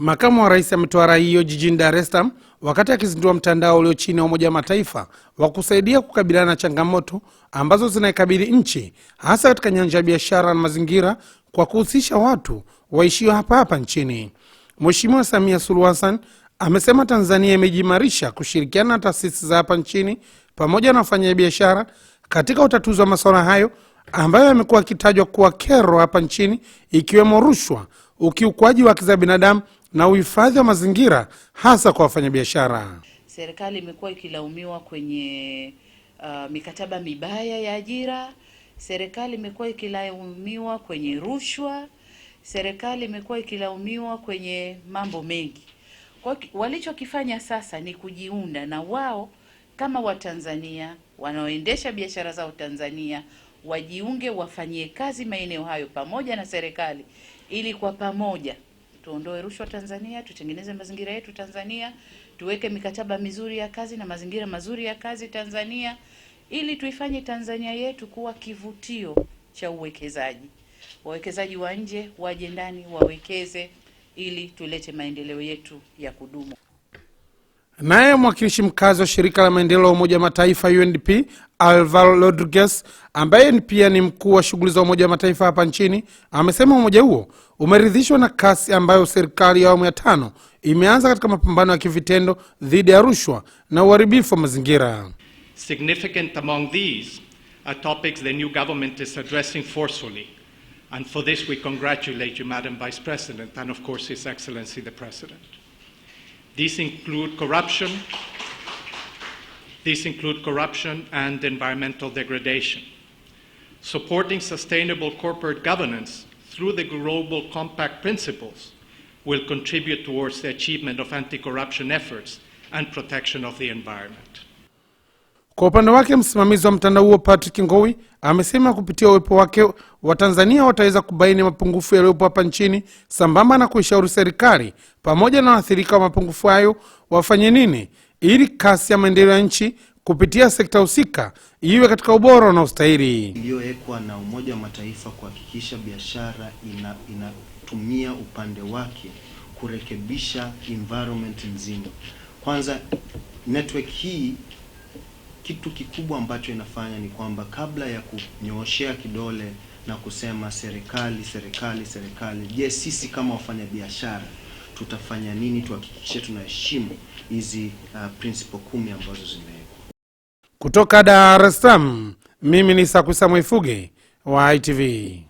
Makamu wa rais ametoa rai hiyo jijini Dar es Salaam wakati akizindua mtandao ulio chini ya Umoja wa Mataifa wa kusaidia kukabiliana na changamoto ambazo zinaikabili nchi hasa katika nyanja ya biashara na mazingira kwa kuhusisha watu waishio hapa hapa nchini. Mheshimiwa Samia Suluhu Hassan amesema Tanzania imejimarisha kushirikiana na taasisi za hapa nchini pamoja na wafanyabiashara katika utatuzi wa masuala hayo ambayo yamekuwa yakitajwa kuwa kero hapa nchini ikiwemo rushwa, ukiukwaji wa haki za binadamu na uhifadhi wa mazingira hasa kwa wafanyabiashara. Serikali imekuwa ikilaumiwa kwenye uh, mikataba mibaya ya ajira. Serikali imekuwa ikilaumiwa kwenye rushwa. Serikali imekuwa ikilaumiwa kwenye mambo mengi. Kwa walichokifanya sasa ni kujiunda na wao kama Watanzania wanaoendesha biashara zao Tanzania wajiunge wafanyie kazi maeneo hayo pamoja na serikali ili kwa pamoja tuondoe rushwa Tanzania, tutengeneze mazingira yetu Tanzania, tuweke mikataba mizuri ya kazi na mazingira mazuri ya kazi Tanzania, ili tuifanye Tanzania yetu kuwa kivutio cha uwekezaji. Wawekezaji wa nje waje ndani wawekeze, ili tulete maendeleo yetu ya kudumu. Naye mwakilishi mkazi wa shirika la maendeleo ya Umoja wa Mataifa UNDP Alvaro Rodriguez, ambaye pia ni mkuu wa shughuli za Umoja wa Mataifa hapa nchini, amesema umoja huo umeridhishwa na kasi ambayo serikali ya awamu ya tano imeanza katika mapambano ya kivitendo dhidi ya rushwa na uharibifu wa mazingira. Significant among these are topics the new government is addressing forcefully and for this we congratulate you Madam Vice President and of course His Excellency the President. These include corruption, these include corruption and environmental degradation. Supporting sustainable corporate governance through the Global Compact principles will contribute towards the achievement of anti corruption efforts and protection of the environment. Kwa upande wake msimamizi wa mtandao huo Patrick Ngowi amesema kupitia uwepo wake Watanzania wataweza kubaini mapungufu yaliyopo hapa nchini sambamba na kuishauri serikali pamoja na waathirika wa mapungufu hayo wafanye nini ili kasi ya maendeleo ya nchi kupitia sekta husika iwe katika ubora ustahili Iliyowekwa na Umoja wa Mataifa kuhakikisha biashara inatumia ina upande wake kurekebisha environment nzima. Kwanza network hii kitu kikubwa ambacho inafanya ni kwamba kabla ya kunyooshea kidole na kusema serikali serikali serikali, je, sisi kama wafanyabiashara tutafanya nini tuhakikishe tunaheshimu hizi uh, principle kumi ambazo zimewekwa. Kutoka Dar es Salaam, mimi ni Sakusa Mwifuge wa ITV.